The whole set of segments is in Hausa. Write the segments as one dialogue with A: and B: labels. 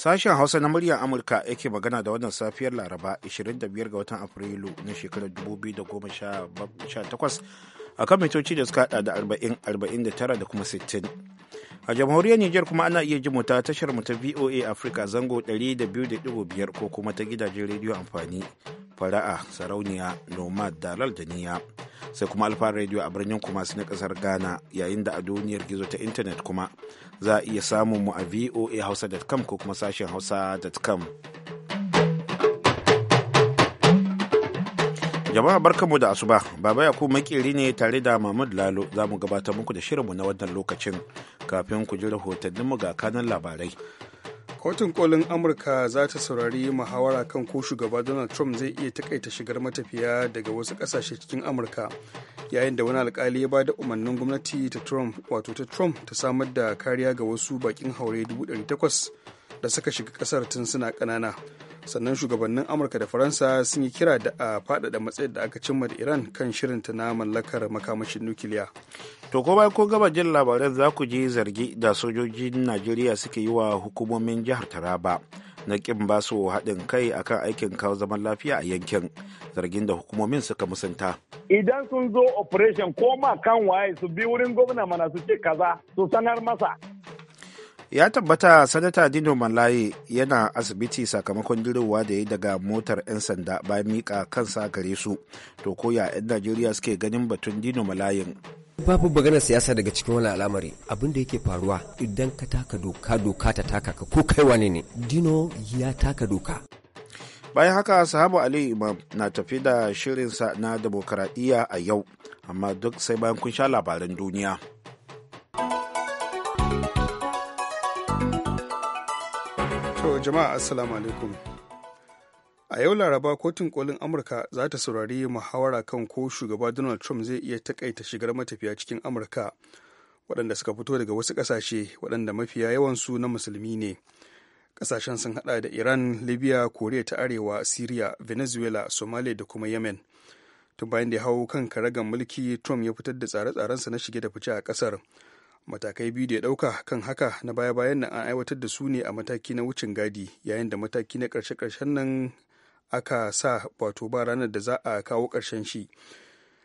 A: Sashen Hausa na muryar Amurka yake magana da wannan safiyar Laraba 25 ga watan Afrilu na shekarar 2018 a kan mitoci da suka hada da 40, 49 da kuma 60. A jamhuriyar Nijar kuma ana iya ji ta tashar mu ta VOA Africa zango 200.5 ko kuma ta gidajen rediyo amfani fara'a sarauniya nomad dalal da niya sai kuma alfa rediyo a birnin kuma na kasar ghana yayin da a duniyar gizo ta intanet kuma za a iya samun mu a voa ko kuma sashen hausa.com jama'a mu da asuba baba yakubu makeri ne tare da mahmud lalo za mu gabatar muku da shirinmu na wannan lokacin kafin ku ji rahotanninmu ga kanan labarai
B: kotun kolin amurka za ta saurari muhawara kan ko shugaba donald trump zai iya takaita shigar matafiya daga wasu kasashe cikin amurka yayin da wani alkali ya ba da umarnin gwamnati ta trump wato ta trump ta samar da kariya ga wasu bakin haure 800 da suka shiga kasar tun suna ƙanana sannan shugabannin amurka da faransa sun yi kira da a faɗaɗa matsayin da aka cimma da iran kan shirinta na mallakar makamashin nukiliya to ko bayan ko gaba jin labaran za ku je zargi da
A: sojojin najeriya suke yi wa hukumomin jihar taraba na kin ba su haɗin kai akan aikin kawo zaman lafiya a yankin zargin da hukumomin suka musanta.
C: Idan sun zo operation ko ma kan waye su bi wurin gwamna mana su ce kaza su sanar masa
A: ya tabbata sanata dino malaye yana asibiti sakamakon direwa da ya daga motar 'yan sanda bayan mika kansa gare su to koya 'yan najeriya suke ganin batun dino malayin babu maganar siyasa daga cikin wani al'amari abinda yake faruwa
D: idan ka taka doka doka ta taka ka ko kai wane ne dino ya taka doka
A: bayan haka sahabu ali imam na tafi da shirinsa na demokaradiyya a yau amma duk sai bayan kun sha labaran duniya
B: To jama'a assalamu alaikum. A yau Laraba kotun kolin Amurka za ta saurari muhawara kan ko shugaba Donald Trump zai iya takaita shigar matafiya cikin Amurka waɗanda suka fito daga wasu ƙasashe waɗanda mafiya yawansu na musulmi ne. Ƙasashen sun haɗa da Iran, Libya, Koriya ta Arewa, Syria, Venezuela, Somalia da kuma Yemen. Tun bayan da ya hau kan karagan mulki, Trump ya fitar da tsare-tsarensa na shige da fice a ƙasar. matakai biyu da ya ɗauka kan haka na baya-bayan nan an aiwatar da su ne a mataki na wucin gadi yayin da mataki na karshe-karshen nan aka sa wato ba ranar da za a kawo ƙarshen shi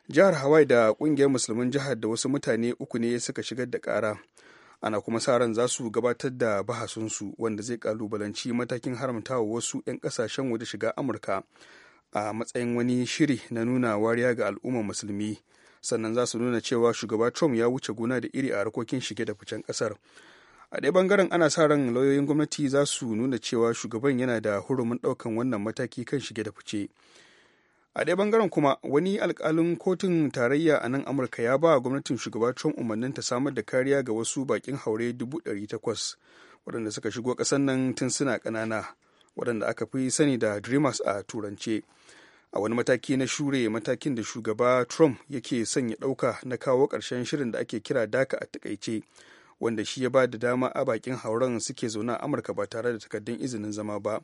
B: jihar hawaii da ƙungiyar musulmin jihar da wasu mutane uku ne suka shigar da kara ana kuma sa ran za su gabatar da bahasunsu wanda zai kalubalanci matakin haramtawa wasu 'yan kasashen waje shiga amurka a matsayin wani shiri na nuna wariya ga al'ummar musulmi sannan za su nuna cewa shugaba trump ya wuce gona da iri a harkokin shige da ficen kasar a ɗaya bangaren ana sa ran lauyoyin gwamnati za su nuna cewa shugaban yana da hurumin ɗaukan wannan mataki kan shige da fice a ɗaya bangaren kuma wani alkalin kotun tarayya a nan amurka ya ba gwamnatin shugaba trump umarnin ta samar da kariya ga wasu bakin haure dubu ɗari takwas waɗanda suka shigo ƙasar nan tun suna ƙanana waɗanda aka fi sani da dreamers a turance a wani mataki na shure matakin da shugaba trump yake sanya ɗauka na kawo ƙarshen shirin da ake kira daka a takaice wanda shi ya ba da dama a bakin hauren suke zaune a amurka ba tare da takardun izinin zama ba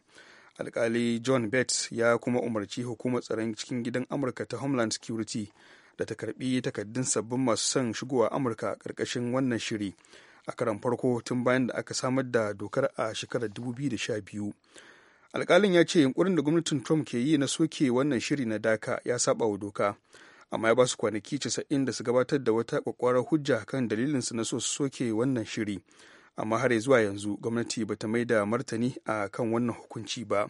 B: alkali john bates ya kuma umarci hukumar tsaron cikin gidan amurka ta homeland security da ta karbi takardun sabbin masu son shigowa amurka karkashin wannan shiri a karan farko tun bayan da aka samar da dokar a shekarar 2012 alkalin ya ce yunkurin da gwamnatin trump ke yi na soke wannan shiri na daka ya saba wa doka amma ya ba su kwanaki casa'in da su gabatar da wata kwakwarar hujja kan dalilin su na so su soke wannan shiri amma har zuwa yanzu gwamnati ba ta mai da martani a kan wannan hukunci ba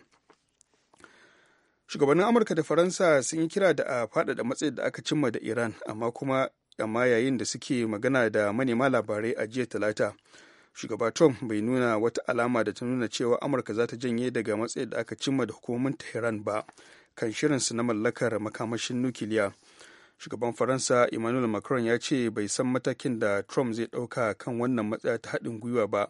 B: shugabannin amurka da faransa sun yi kira da a faɗaɗa matsayin da aka cimma da iran amma kuma amma yayin da suke magana da manema labarai a jiya talata shugaba trump bai nuna wata alama da ta nuna cewa amurka za ta janye daga matsayin da aka cimma da hukumomin tehran ba kan shirinsu na mallakar makamashin nukiliya shugaban faransa emmanuel macron ya ce bai san matakin da trump zai ɗauka kan wannan matsaya ta haɗin gwiwa ba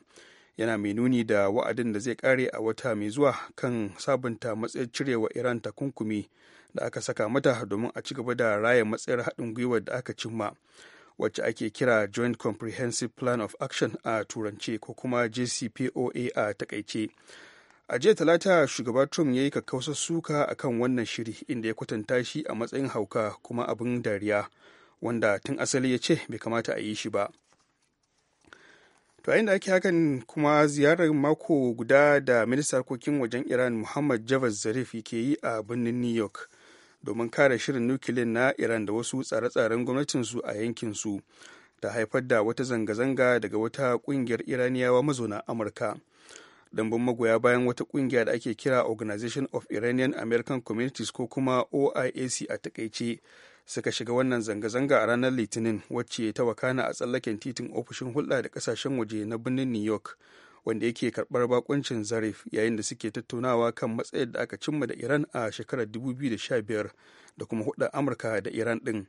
B: yana mai nuni da wa'adin da zai kare a wata mai zuwa kan sabunta matsayar cirewa iran takunkumi da aka saka mata domin a ci gaba da raya matsayar haɗin gwiwa da aka cimma wacce ake kira joint comprehensive plan of action a turance ko kuma jcpoa a takaice a jiya talata shugaba trump ya yi kakkausar suka kan wannan shiri inda ya kwatanta shi a matsayin hauka kuma abin dariya wanda tun asali ya ce bai kamata a yi shi ba to yayin da ake hakan kuma ziyarar mako guda da ministan harkokin wajen iran muhammad javad zarif yake yi a birnin new york domin kare shirin nukiliyar na iran da wasu tsare-tsaren gwamnatinsu a yankinsu ta haifar da wata zanga-zanga daga wata kungiyar iraniyawa mazauna amurka dambun magoya bayan wata kungiya da ake kira organization of iranian american communities ko kuma oiac a takaice suka shiga wannan zanga-zanga a ranar litinin wacce ta wakana a tsallaken titin ofishin hulɗa da kasashen waje na birnin new york wanda yake karbar bakuncin zarif yayin da suke tattaunawa kan matsayar da aka cimma da iran a shekarar 2015 da kuma hudar amurka da iran din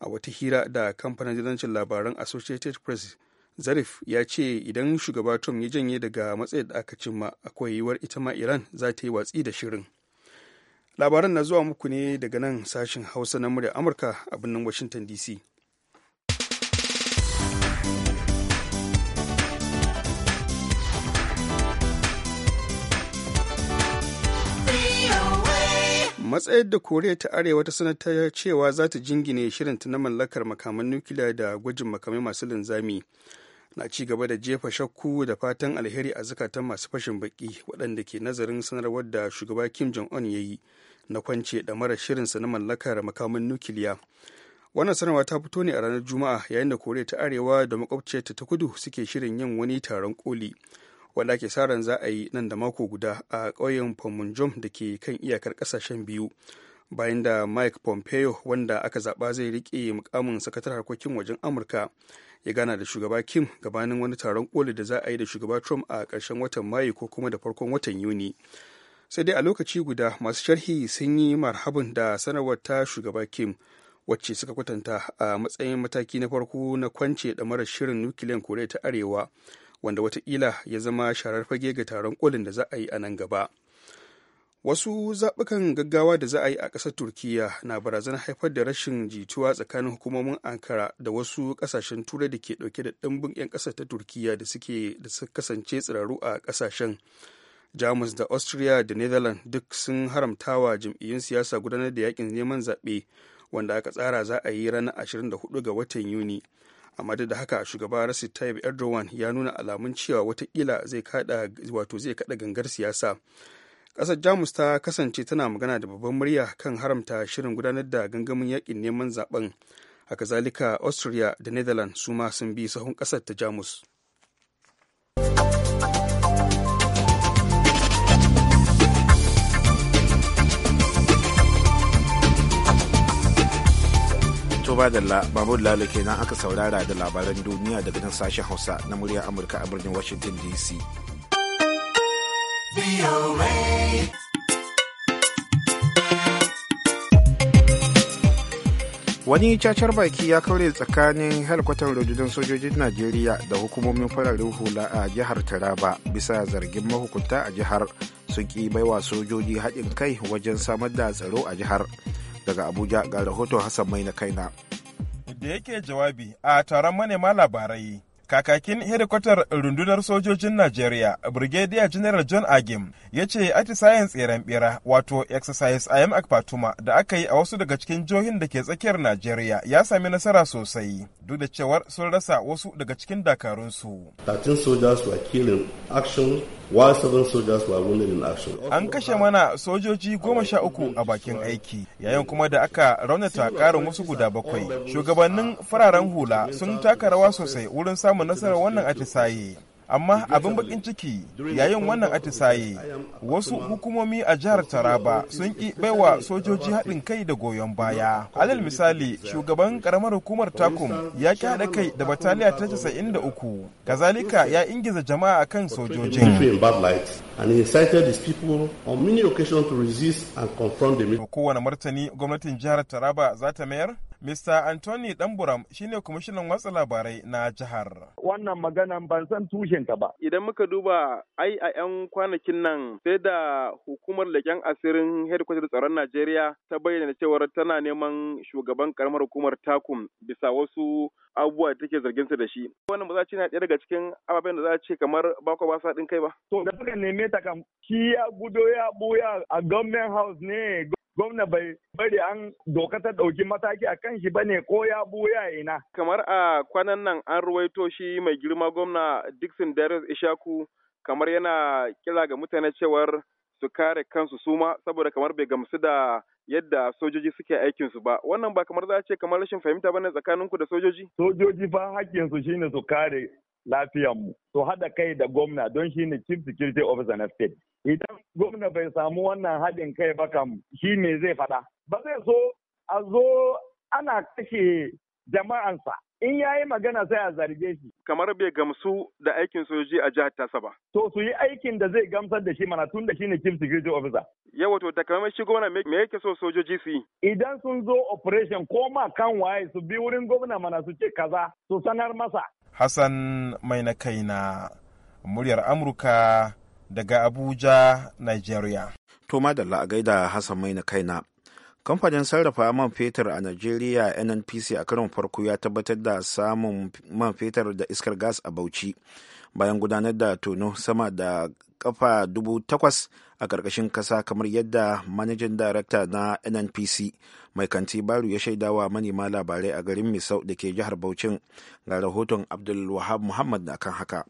B: a wata hira da kamfanin jirancin labaran associated press zarif ya ce idan shugaba trump ya janye daga matsayar da aka cimma akwai yiwuwar ita ma iran za ta yi watsi da shirin labaran na zuwa muku ne daga nan sashen hausa na murya amurka a birnin washington dc matsayar da koriya ta arewa ta sanata cewa za ta jingine ta na mallakar makaman nukiliya da gwajin makamai masu linzami na ci gaba da jefa shakku da fatan alheri a zukatan masu fashin baki waɗanda ke nazarin sanarwar da shugaba kim jong-un ya yi na kwance da mara shirin sa na mallakar makaman nukiliya wannan sanarwa ta fito ne a ranar juma'a yayin da koriya ta arewa da makwabciyarta ta kudu suke shirin yin wani taron koli wanda ake sa za a yi nan da mako guda a ƙauyen Pomunjom da ke kan iyakar ƙasashen biyu. Bayan da Mike Pompeo wanda aka zaɓa zai riƙe mukamin sakatar harkokin wajen Amurka ya gana da shugaba Kim gabanin wani taron koli da za a yi da shugaba Trump a ƙarshen watan Mayu ko kuma da farkon watan Yuni. Sai dai a lokaci guda masu sharhi sun yi marhabin da sanarwar ta shugaba Kim wacce suka kwatanta a matsayin mataki na farko na kwance da marar shirin nukiliyan Koriya ta Arewa. wanda wataƙila ya zama sharar fage ga taron kolin da za a yi a nan gaba wasu zaɓukan gaggawa da za a yi a ƙasar turkiyya na barazanar haifar da rashin jituwa tsakanin hukumomin ankara da wasu ƙasashen turai da ke ɗauke da ɗimbin 'yan ƙasar ta turkiyya da suke da suka kasance tsiraru a ƙasashen jamus da austria da netherlands duk sun haramtawa jam'iyyun siyasa gudanar da yakin neman zaɓe wanda aka tsara za a yi ranar 24 ga watan yuni amma duk da haka shugaba Recep Tayyip Erdogan ya nuna alamun cewa watakila zai kada wato zai kada gangar siyasa ƙasar Jamus ta kasance tana magana da babban murya kan haramta shirin gudanar da gangamin yakin neman zaben haka zalika Austria da Netherlands su ma sun bi sahun ƙasar ta Jamus.
A: ba da babu lalo kenan aka saurara da labaran duniya daga nan sashen hausa na murya amurka a birnin washington dc wani cacar baki ya kaure tsakanin helikwatar rundunar sojojin najeriya da hukumomin fararen hula a jihar taraba bisa zargin mahukunta a jihar sun ki baiwa sojoji haɗin kai wajen samar da tsaro a jihar daga abuja ga rahoton hassan mai na kaina
E: da yake jawabi a taron manema labarai kakakin hedikwatar rundunar sojojin najeriya brigadier general john agim ya ce atisayen tseren bera wato exercise a Yamak fatuma da aka yi a wasu daga cikin jihohin da ke tsakiyar najeriya ya sami nasara sosai duk da cewar sun rasa wasu daga cikin dakarunsu
C: 13 soldiers were in action
E: An kashe mana sojoji goma sha uku a bakin aiki, yayin kuma da aka raunata karin wasu guda bakwai. Shugabannin fararen hula sun taka rawa sosai wurin samun nasarar wannan atisaye. amma abin bakin ciki yayin wannan atisaye wasu hukumomi a jihar taraba sun ki baiwa sojoji haɗin kai da goyon baya alal misali shugaban karamar hukumar takum ya ki haɗa kai da bataliya ta casa'in da 93 kazalika ya ingiza jama'a kan sojojin kowane martani gwamnatin jihar taraba za ta mayar Mr. Anthony Damburam shine kwamishinan watsa labarai na jihar. Wannan maganar ban san tushenka ba. Idan muka duba ai a 'yan kwanakin nan sai da hukumar leken asirin headquarters tsaron Najeriya ta bayyana cewar tana neman shugaban karamar hukumar takum bisa wasu abubuwa da take zargin su da shi. Wannan ba za na ɗaya daga cikin ababen da za ce kamar bako ba sa ɗin kai ba. To da
C: suka neme ta kam shi ya gudo ya buya a government house ne gwamna bai bari an doka ta ɗauki mataki a kan shi ba ne ko ya buya ina.
E: Kamar a kwanan nan an ruwaito shi mai girma gwamna Dixon Darius Ishaku kamar yana kira ga mutane cewar su kare kansu suma saboda kamar bai gamsu da yadda sojoji suke aikin su ba wannan ba kamar za a ce kamar rashin fahimta bane tsakanin ku da sojoji
C: sojoji fa hakkin su shine su kare lafiyar mu su hada kai da gwamna don shine chief security officer na state idan gwamna bai samu wannan haɗin kai ba kam shi ne zai faɗa ba zai so a zo ana kashe jama'ansa
E: in ya yi magana sai a zarge shi. Kamar bai gamsu da aikin sojoji a jihar tasa ba.
C: To su yi aikin da zai gamsar da shi mana tun da shi ne chief security officer.
E: Yawa to takamaiman shi gwamna me yake so sojoji su yi?
C: Idan sun zo operation ko ma kan waye su bi wurin gwamna mana su ce kaza su sanar masa.
E: Hassan mai na kaina muryar Amurka daga Abuja, Nigeria. To madalla a
A: gaida Hassan Maina kaina. Kamfanin sarrafa man fetur a Najeriya NNPC a karon farko ya tabbatar da samun man fetur da iskar gas a Bauchi bayan gudanar da tono sama da kafa dubu takwas a ƙarƙashin ƙasa kamar yadda manajan darakta na nnpc mai kanti baru ya shaidawa manema labarai a garin misau da ke jihar bauchin ga rahoton abdulwahab muhammad na kan haka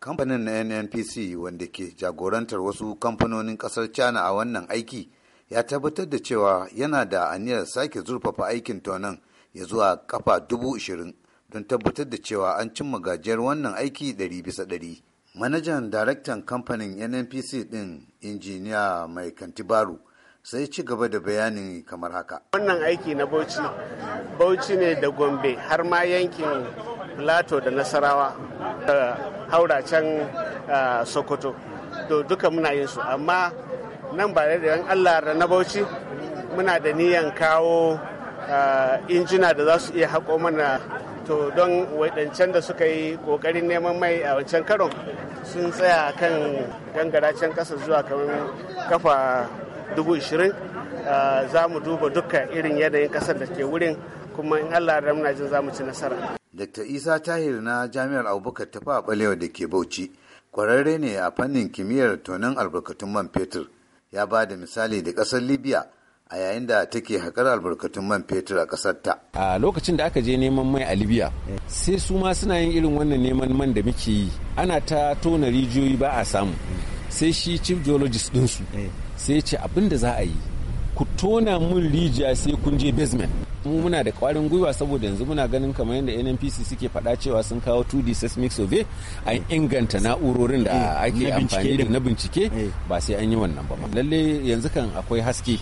F: kamfanin na nnpc wanda ke jagorantar wasu kamfanonin kasar china a wannan aiki ya tabbatar da cewa yana da aniyar sake zurfafa aikin tonon ya zuwa kafa dubu ishirin don tabbatar da cewa an cimma gajiyar wannan aiki ɗari bisa ɗari manajan daraktan kamfanin nnpc ɗin injiniya mai kantibaru sai ci gaba da bayanin kamar haka
B: wannan aiki na bauchi bauchi ne
D: da gombe har ma yankin plateau da nasarawa haura can uh, sokoto to duka muna yin su amma nan ba da
B: allah na bauchi muna da niyan kawo uh, injina da za su iya haƙo mana to don waɗancan da suka yi ƙoƙarin neman mai a wancan karon sun tsaya kan gangara can ƙasa zuwa kamar kafa dubu ishirin uh, za mu duba duka irin yanayin ƙasar da ke wurin kuma in allah da muna jin za mu ci nasara
F: Dr. Isa Tahir na Jami'ar Abubakar ta a da ke Bauchi, kwararre ne a fannin kimiyyar tonon albarkatun man fetur. Ya ba da misali da ƙasar Libya a yayin da take haƙar albarkatun man fetur a ƙasar ta.
D: A lokacin da aka je neman mai a Libya, sai su ma suna yin irin wannan neman man da muke yi. Ana ta tona rijiyoyi ba a samu. Sai shi chief geologist ɗinsu, eh. sai ce abin da za a yi. Ku tona mun rijiya sai kun je basement. mu muna da kwarin gwiwa saboda yanzu muna ganin kamar yadda nnpc suke faɗa cewa sun kawo 2d seismic survey an inganta na'urorin da eh, ake amfani da na bincike eh. ba sai an yi wannan ba lalle yanzu kan akwai haske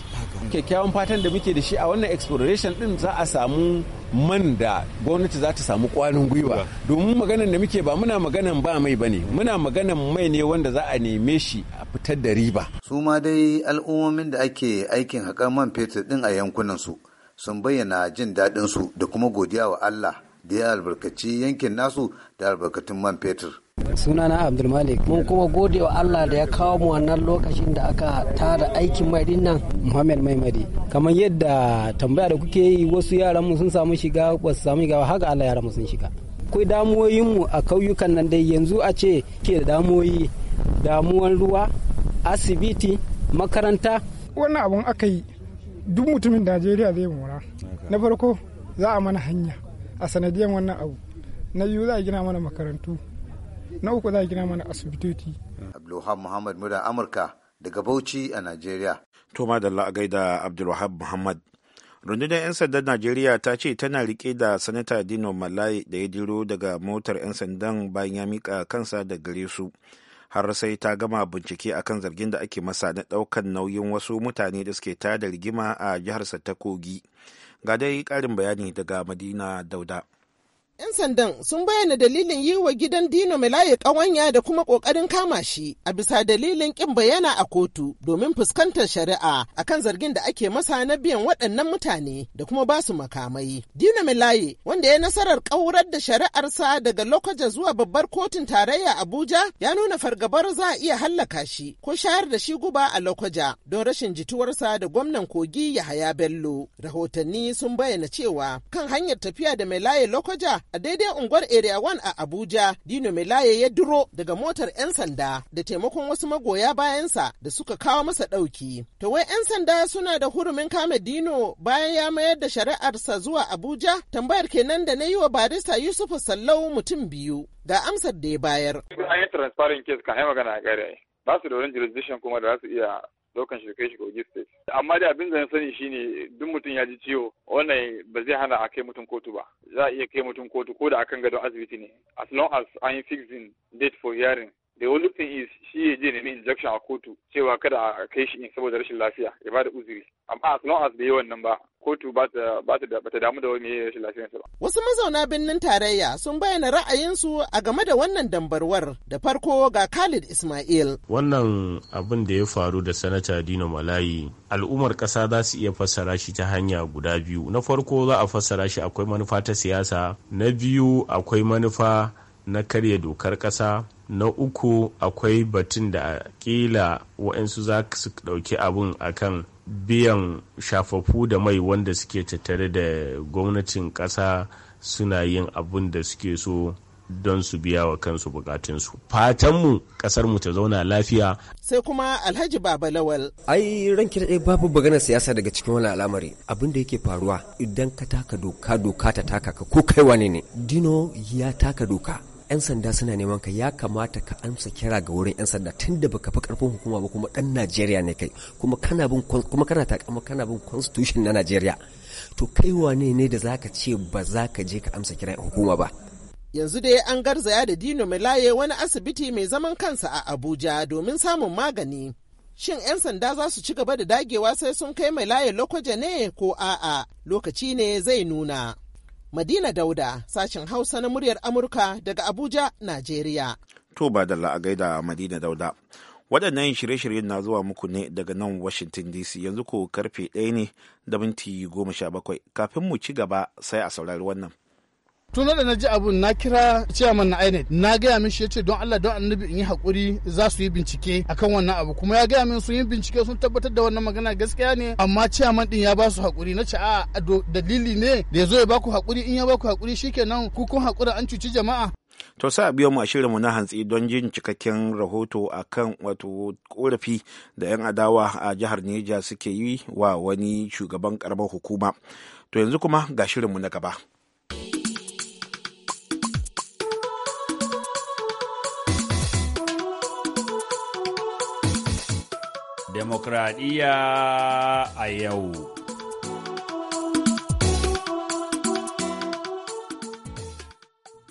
D: kyakkyawan fatan da muke da shi a wannan exploration din za a samu man da gwamnati za ta samu kwarin gwiwa domin maganan da muke ba muna maganan ba mai bane muna maganan mai ne wanda za a neme shi a fitar da riba
F: su ma dai al'ummomin da ake aikin haƙar man fetur din a yankunan su sun bayyana jin daɗinsu da kuma godiya wa Allah da ya albarkaci yankin nasu da albarkatun man fetur.
G: sunana abdulmalik mun kuma gode wa allah da ya kawo mu wannan lokacin da aka tara aikin mai dinnan muhammed maimari maimadi kamar yadda tambaya da kuke yi wasu yaran mu sun samu shiga ba su samu shiga haka allah yaran mu sun shiga akwai damuwoyin mu a kauyukan nan dai yanzu a ce ke da damuwoyi damuwan ruwa asibiti makaranta
A: wannan abun aka yi duk mutumin najeriya zai mora na farko za a mana hanya a sanadiyar wannan abu na biyu za a gina mana makarantu na uku za a gina
B: mana asibitoci
F: abdulwahab muhammad muda amurka daga bauchi a najeriya
A: to madalla a gaida abdulwahab muhammad rundunar 'yan sandan najeriya ta ce tana rike da sanata dino malai da ya diro daga motar 'yan sandan bayan ya mika kansa da gare su har sai ta gama bincike akan zargin da ake masa na ɗaukan nauyin wasu mutane da suke tada rigima a jiharsa ta kogi ga dai ƙarin bayani daga madina dauda
G: 'yan sandan sun bayyana dalilin yi wa gidan dino melaye ƙawanya da kuma ƙoƙarin kama shi a bisa dalilin ƙin bayyana a kotu domin fuskantar shari'a akan zargin da ake masa na biyan waɗannan mutane da kuma ba su makamai dino melaye wanda ya nasarar ƙaurar da shari'arsa daga lokaja zuwa babbar kotun tarayya abuja ya nuna fargabar za a iya hallaka shi ko shayar da shi guba a lokaja don rashin jituwarsa da gwamnan kogi yahaya bello rahotanni sun bayyana cewa kan hanyar tafiya da mai melaye lokaja a daidai unguwar area one a abuja dino melaye ya duro daga motar 'yan sanda da taimakon wasu magoya bayansa da suka kawo masa ɗauki to wai 'yan sanda suna da hurumin kame dino bayan ya mayar da shari'arsa zuwa abuja tambayar kenan da na yi wa barista yusuf sallau mutum biyu ga amsar da ya bayar.
C: a ba su da wani jurisdiction kuma da za su iya daukan shi kai shi kogi state amma dai abin da na sani shine duk mutum ya ji ciwo wannan ba zai hana a kai mutum kotu ba za a iya kai mutum kotu ko da akan gadon asibiti ne as long as an yi fixing date for hearing da wani is shi ya je nemi injection a kotu cewa kada a kai shi in saboda rashin lafiya ya bada uzuri amma as long as bai yi wannan ba kotu ba ta damu da wani rashin lafiyarsa
G: ba. Wasu mazauna birnin tarayya sun bayyana ra'ayinsu a game da wannan dambarwar da farko ga Khalid Ismail.
D: Wannan abin da ya faru da sanata Dino Malayi al'ummar kasa za su iya fassara shi ta hanya guda biyu. Na farko za a fassara shi akwai manufa ta siyasa, na biyu akwai manufa na karya dokar kasa. na uku akwai batun da kila waɗansu za su ɗauki abun kan biyan shafafu da mai wanda suke tattare da gwamnatin ƙasa suna yin abin da suke so don su biya wa kansu bukatunsu fatanmu ƙasarmu ta zauna lafiya
G: sai kuma alhaji baba lawal
D: ai ranki da babu maganar siyasa daga cikin wani al'amari abin da yake faruwa idan ka taka doka doka ta taka ka ko kai wane ne dino ya taka doka 'yan sanda suna neman ka ya kamata ka amsa kira ga wurin 'yan sanda tun da baka fi karfin hukuma ba kuma dan Najeriya ne kai kuma kana bin kuma kana takama kana bin constitution na Najeriya to kai wane ne da zaka ce ba za ka je ka amsa kira hukuma ba
G: yanzu dai an garzaya da Dino mai Milaye wani asibiti mai zaman kansa a Abuja domin samun magani shin 'yan sanda za su ci gaba da dagewa sai sun kai mai laye lokaje ne ko a'a lokaci ne zai nuna Madina Dauda, sashen Hausa na muryar Amurka daga Abuja, Najeriya.
A: To ba da la'agaida Madina Dauda. Waɗannan shirye-shiryen na zuwa muku ne daga nan Washington DC yanzu ko karfe ɗaya ne da minti goma sha bakwai. Kafin mu ci gaba sai a saurari wannan.
F: tun da na ji abun na kira ciyaman na INEC na gaya min shi ce don Allah don annabi in yi hakuri za su yi bincike akan wannan abu kuma ya gaya min sun yi bincike sun tabbatar da wannan magana gaskiya ne amma ciyaman din ya ba su hakuri na ce a dalili ne da ya zo ya ba ku hakuri in ya ba ku hakuri shikenan ku kun hakura an cuci jama'a
A: to sai a biyo mu a mu na hantsi don jin cikakken rahoto a kan wato korafi da 'yan adawa a jihar neja suke yi wa wani shugaban karamar hukuma to yanzu kuma ga shirin mu na gaba
D: demokradiyya a yau.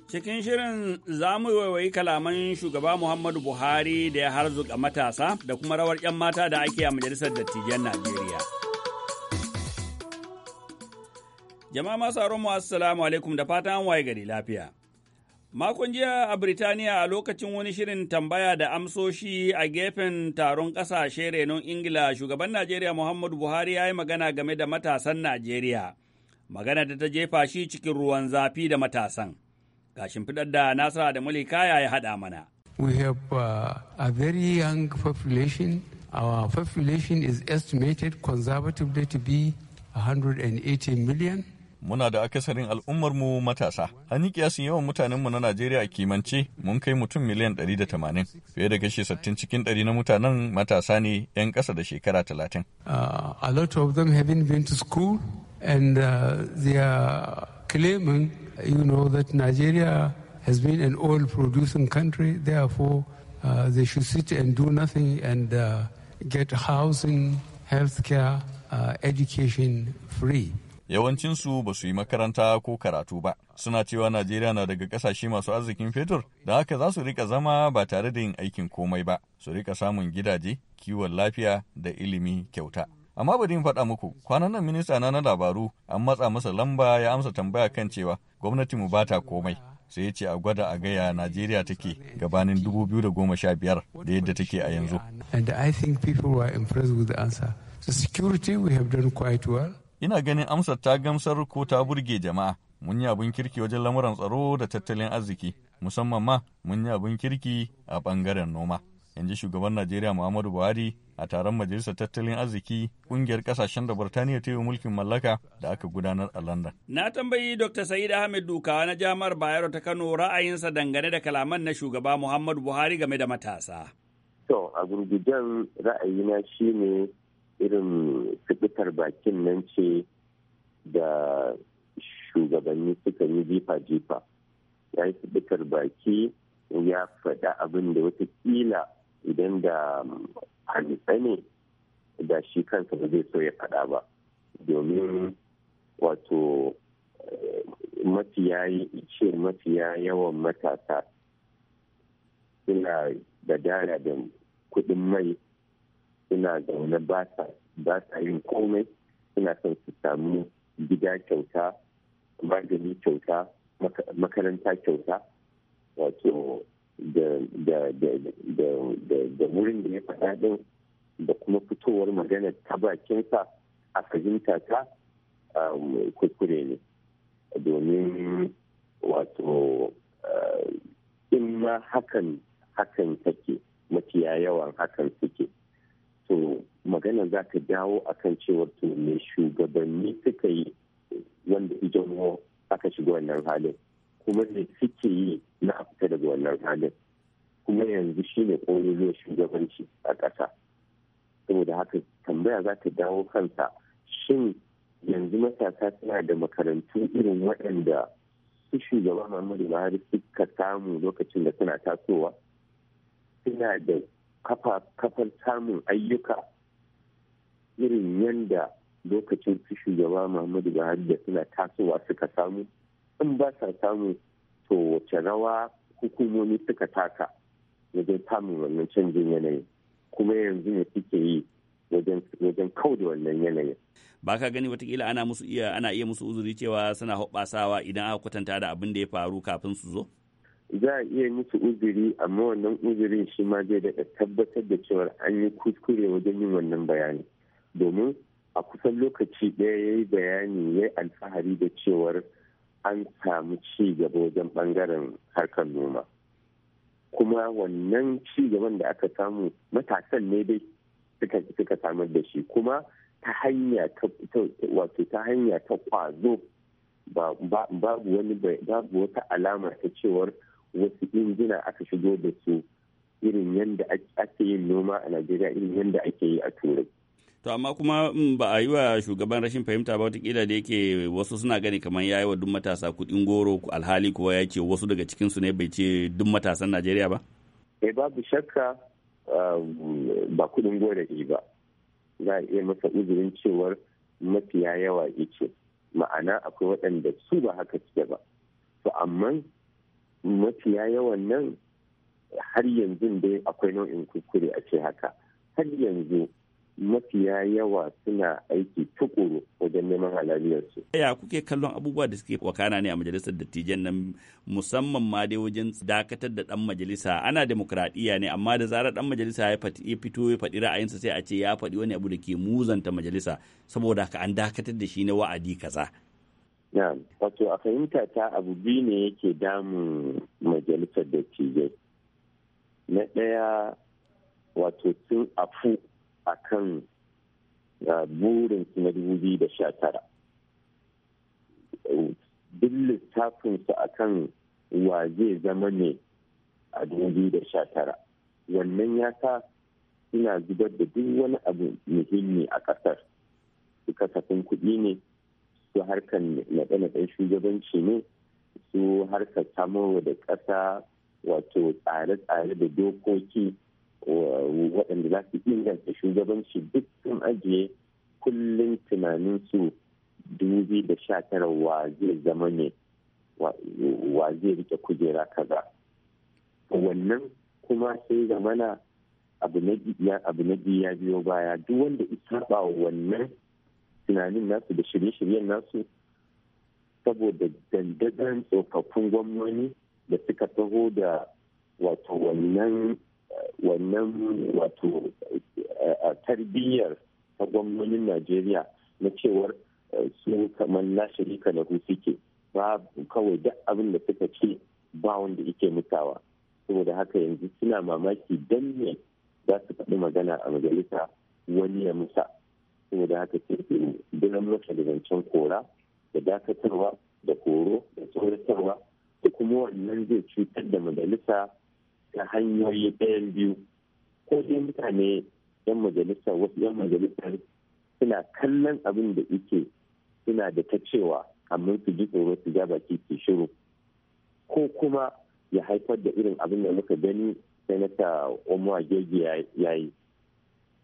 D: Cikin shirin za mu waiwayi kalaman shugaba Muhammadu Buhari da ya harzuka matasa da kuma rawar 'yan mata da ake a Majalisar Dattijan Najeriya. Jama'a masu mu assalamu alaikum da fatan waye gari lafiya. Makon jiya a Birtaniya a lokacin wani shirin tambaya da amsoshi a gefen taron ƙasashe renon Ingila, shugaban Najeriya Muhammadu Buhari ya yi magana game da matasan Najeriya, magana da ta jefa shi cikin ruwan zafi da matasan. Ga shimfiɗar da Nasara da Mulika ya haɗa mana.
E: We
B: have uh, a very young population. Our population is estimated conservatively to be 180 million.
H: muna da akasarin al'ummarmu matasa. An yi kiyasin yawan mutanenmu na Najeriya a kimance mun kai mutum miliyan 180. Fiye da kashi 60 cikin 100 na mutanen matasa ne 'yan ƙasa da shekara 30.
B: Uh, a lot of them having been to school and uh, they are claiming, you know, that Nigeria has been an oil producing country, therefore uh, they should sit and do nothing and uh, get housing, healthcare, uh, education free.
H: yawancinsu ba su yi makaranta ko karatu ba suna cewa najeriya na daga kasashe masu arzikin fetur da haka za su rika zama ba tare da yin aikin komai ba su rika samun gidaje kiwon lafiya da ilimi kyauta amma bari in faɗa muku kwanan nan minista na na labaru an matsa masa lamba ya amsa tambaya kan cewa gwamnati mu bata komai sai ya ce a gwada a gaya Najeriya take gabanin 2015 da yadda take a yanzu.
B: And I think people were we have done
H: Ina ganin amsar ta gamsar ko ta burge jama'a. Mun yi abin kirki wajen lamuran tsaro da tattalin arziki, musamman ma mun yi abin kirki a bangaren noma. In shugaban Najeriya Muhammadu Buhari a taron Majalisar Tattalin Arziki ƙungiyar ƙasashen da Burtaniya ta yi mulkin mallaka da aka gudanar a London.
D: Na tambayi Dr. Sa'id Ahmed Dukawa na jamar Bayero ta Kano ra'ayinsa dangane da kalaman na shugaba Muhammadu Buhari game da matasa.
I: To, a gurgujen ra'ayina shine irin fitar bakin nan ce da shugabanni suka yi jifa-jifa ya yi fitar baki ya faɗa abin da watakila idan da um, halitta ne da shi kansa ba zai so ya faɗa ba domin wato eh, mafiya ce mafiya yawan matasa suna da dara da kuɗin mai suna zaune ba sa yin komai suna son su samu gida kyauta magani kyauta makaranta kyauta wato da wurin da ya faɗa ɗin da kuma fitowar magana ta bakinsa a fahimta ta um, kuskure ne domin wato uh, in ma hakan hakan take mafiya yawan hakan suke so magana za ta dawo a kan cewar to me shugabanni suka yi wanda idan aka shiga wannan halin kuma me suke yi na a fita daga wannan halin kuma yanzu shi shine ƙololuwar shugabanci a ƙasa saboda haka tambaya za ta dawo kansa shin yanzu matasa suna da makarantu irin waɗanda su shugaba Muhammadu Buhari suka samu lokacin da suna tasowa suna da kafar samun ayyuka irin yadda lokacin su shugaba Muhammadu Buhari da suna tasowa suka samu in ba sa samu to wace rawa hukumomi suka taka wajen samun wannan canjin yanayin kuma yanzu ne suke yi wajen kau da
D: wannan yanayin. Ba ka gani watakila ana iya ana iya musu uzuri cewa suna hoɓasawa idan aka kwatanta da abin da ya faru kafin su zo?
I: za a iya musu uzuri amma wannan uzurin shi ma zai daga tabbatar da cewa an yi kuskure wajen yin wannan bayani domin a kusan lokaci ɗaya ya yi bayani ya yi alfahari da cewar an samu ci gaba wajen ɓangaren harkar noma kuma wannan ci gaban da aka samu matasan ne dai suka suka samar da shi kuma ta hanya ta wato ta hanya ta kwazo babu wani babu wata alama ta cewar wasu injina aka shigo da su irin yadda ake yin noma a najeriya irin yadda ake yi a turai
D: to amma kuma mm, ba a yi wa shugaban rashin fahimta ba watakila da yake wasu suna gani kamar ya yi wa duk matasa kuɗin goro alhali kuwa ya ce wasu daga cikinsu ne bai ce duk matasan najeriya ba
I: eh babu shakka um, ba kuɗin goro ne ba za a iya masa uzurin cewar mafiya yawa ce ma'ana akwai waɗanda su ba haka suke ba to amma mafiya yawan nan har yanzu dai akwai nau'in kuskure a ce haka har yanzu mafiya yawa suna aiki tukuru wajen neman halaliyarsu.
D: Ya kuke kallon abubuwa da suke wakana ne a majalisar dattijan nan musamman ma dai wajen dakatar da dan majalisa ana demokradiyya ne amma da zarar dan majalisa ya fito ya faɗi ra'ayinsa sai a ce ya faɗi wani abu da ke muzanta majalisa saboda haka an dakatar da shi na wa'adi kaza.
I: na wato a fahimta ta abu biyu ne yake damun majalisar dattijai na ɗaya wato sun afu a kan burin su na 2019 duk lissafinsu a kan wa zai zama ne a tara wannan ya sa suna zubar da duk wani abu muhimmi a ƙasar su kasafin kuɗi ne su harkar naɗe-naɗen shugabanci ne su harkar samarwa da ƙasa wato tsare-tsare da dokoki waɗanda za su inganta shugabanci duk sun ajiye kullum tunanin su tara wa zai zama ne wa zai rike kujera kaza wannan kuma sai zamana abu na ya biyo baya duk wanda isa ba wannan tunanin nasu da shirye-shiryen nasu saboda dandagan tsofaffin gwamnoni da suka taho da wato wannan wannan wato eh, tarbiyyar ta gwamnonin najeriya na cewar eh, su kamar na shirika na ke ba kawai duk abin da suka ce ba wanda yake mutawa saboda haka yanzu suna mamaki don ne za su faɗi magana a majalisa wani ya musa saboda haka sai binan masa da zancen kora da dakatarwa da koro da tsoratarwa da kuma wannan zai cutar da majalisa ta hanyoyi ɗayan biyu ko dai mutane yan majalisa wasu yan majalisar suna kallon abin da ike suna da ta cewa amma su ji tsoro su ja baki su shiru ko kuma ya haifar da irin abin da muka gani sanata omar gege ya yi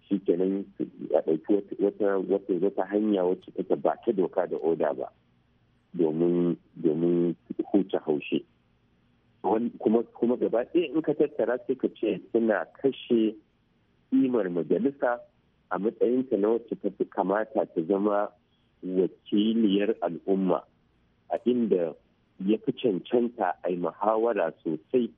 I: shi kenan a ɗauki wata hanya wacce take ba ta doka da oda ba domin huce haushe kuma gaba ɗaya in ka tattara sai ka ce suna kashe imar majalisa a matsayinta na wacce ta fi kamata ta zama wakiliyar al'umma a inda ya fi cancanta a yi muhawara sosai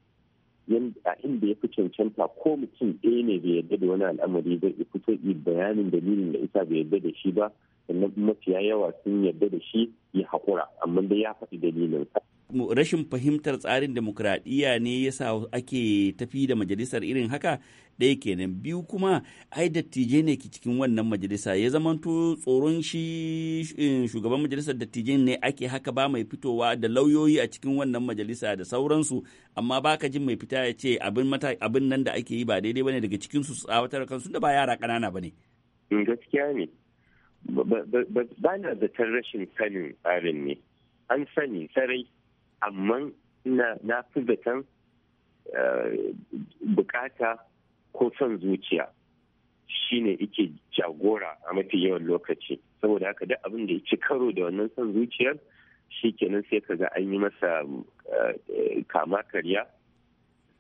I: a inda ya fi cancanta ko mutum ɗaya ne bai yadda da wani al'amari ba ya fito bayanin dalilin da isa bai yadda da shi ba sannan mafiya yawa sun yarda da shi ya haƙura amma dai ya faɗi dalilinsa.
D: rashin fahimtar tsarin demokradiyya ne ya sa ake tafi da majalisar irin haka ɗaya kenan biyu kuma ai dattijai ne ke cikin wannan majalisa ya zamanto tsoron shi eh, shugaban majalisar dattijai ne ake haka ba mai fitowa da lauyoyi a cikin wannan majalisa da sauransu amma baka jin mai fita ya ce abin nan da ake yi ba daidai bane daga cikin su tsawatar kansu da ba yara ƙanana bane
I: mm, gaskiya ne ba na zaton rashin sanin tsarin ne an sani sarai amma na fi zaton eh, bukata ko son zuciya shine ike jagora a mafi yawan lokaci saboda haka duk abin da ya ci karo da wannan son zuciyar shi kenan sai ka ga an yi masa eh, kama karya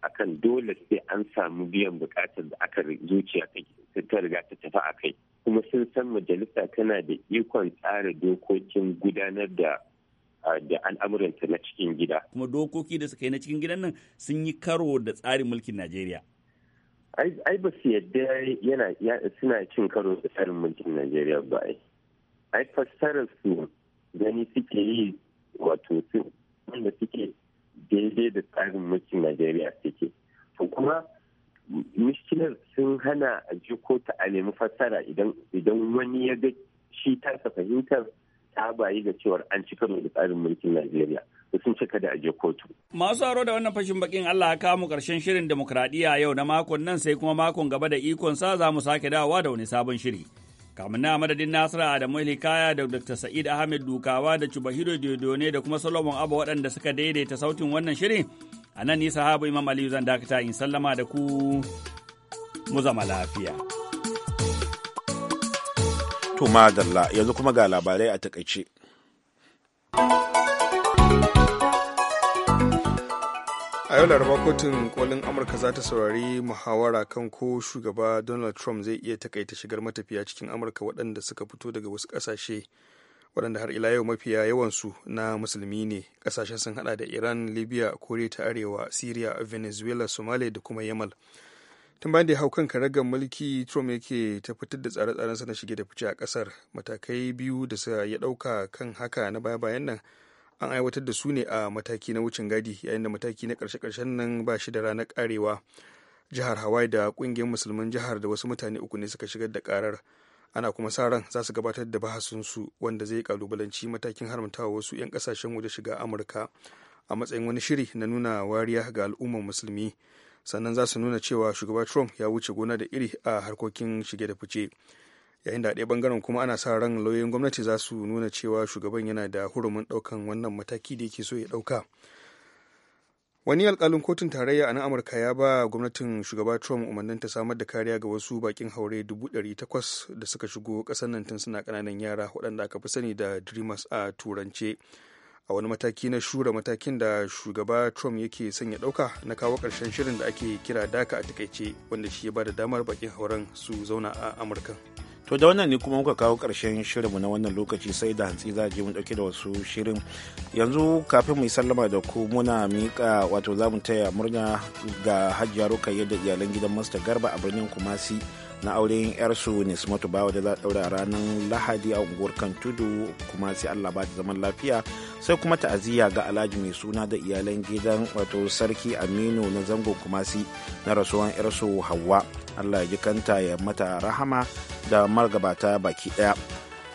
I: akan dole sai an samu biyan bukatar da aka zuciya ta riga ta tafi a kai kuma sun san majalisa tana da ikon tsara dokokin gudanar da da al'amuranta na cikin gida.
D: Kuma dokoki da suka yi na cikin gidan nan sun yi karo da tsarin mulkin Najeriya.
I: Ai ba su yadda yana suna cin karo da tsarin mulkin Najeriya ba ai. Ai fassarar su gani suke yi wato wanda suke daidai da tsarin mulkin Najeriya suke. To kuma miskinar sun hana a ji ko ta a nemi fassara idan wani ya ga shi tasa fahimtar ta bayi ga cewar an cika mai tsarin mulkin Najeriya. sun cika da aje kotu.
D: Masu aro da wannan fashin bakin Allah ya kamu karshen shirin demokradiyya yau na makon nan sai kuma makon gaba da ikon sa za mu sake dawowa da wani sabon shiri. Kamun na madadin Nasira Adamu Hikaya da Dr. Sa'id Ahmed Dukawa da Chubahiro ne da kuma Solomon Abba waɗanda suka daidaita sautin wannan shirin a nan ne sahabu imam aliyu zan dakata in sallama da ku mu zama lafiya
A: to madalla yanzu kuma ga labarai a takaice
B: a yau laraba kotun kolin amurka za ta saurari muhawara kan ko shugaba donald trump zai iya takaita shigar matafiya cikin amurka waɗanda suka fito daga wasu ƙasashe waɗanda har ila yau mafiya yawansu na musulmi ne ƙasashen sun hada da iran libya koriya ta arewa syria venezuela somalia da kuma yamal tun bayan da haukan hau karagar mulki trump yake ta fitar da tsare tsaren sa na shige da fice a ƙasar matakai biyu da sa ya ɗauka kan haka na baya-bayan nan an aiwatar da su ne a mataki na wucin gadi yayin da mataki na ƙarshe karshen nan ba shi da ranar ƙarewa jihar hawaii da ƙungiyar musulman jihar da wasu mutane uku ne suka shigar da ƙarar ana kuma sa ran za su gabatar da bahasinsu wanda zai kalubalanci matakin haramtawa wasu 'yan kasashen waje shiga amurka a matsayin wani shiri na nuna wariya ga al'ummar musulmi sannan za su nuna cewa shugaba trump ya wuce gona da iri a harkokin shige da fice yayin da ɗaya bangaren kuma ana sa ran lauyoyin gwamnati za su nuna cewa shugaban yana da hurumin ɗaukan wannan mataki da yake so ya ɗauka wani alkalin kotun tarayya a nan amurka ya ba gwamnatin shugaba trump umarnin ta samar da kariya ga wasu bakin haure 800 da suka shigo ƙasar nan tun suna kananan yara waɗanda aka fi sani da dreamers a turance a wani mataki na shura matakin da shugaba trump yake sanya ɗauka na kawo karshen shirin da ake kira daka a takaice wanda shi ya ba da damar bakin hauren su zauna a amurka.
A: to da wannan ne kuma muka kawo ƙarshen shirinmu na wannan lokaci sai da hantsi za je mu dauke da wasu shirin yanzu kafin mu yi sallama da ku muna miƙa wato za mu taya murna ga hajjiya rukayya da iyalan gidan masta garba a birnin kumasi na auren yarsu ne su mutu bawa da za a ranar lahadi a unguwar kan tudu kumasi sai allah ba da zaman lafiya sai kuma ta'aziyya ga alhaji mai suna da iyalan gidan wato sarki aminu na zango kumasi na rasuwan yarsu hawa allah ya ji kanta ya mata rahama da margabata baki ɗaya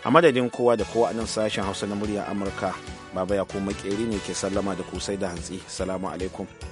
A: a madadin kowa da kowa a nan sashen hausa na murya amurka baba ya kuma makeri ne ke sallama da kusai da hantsi salamu alaikum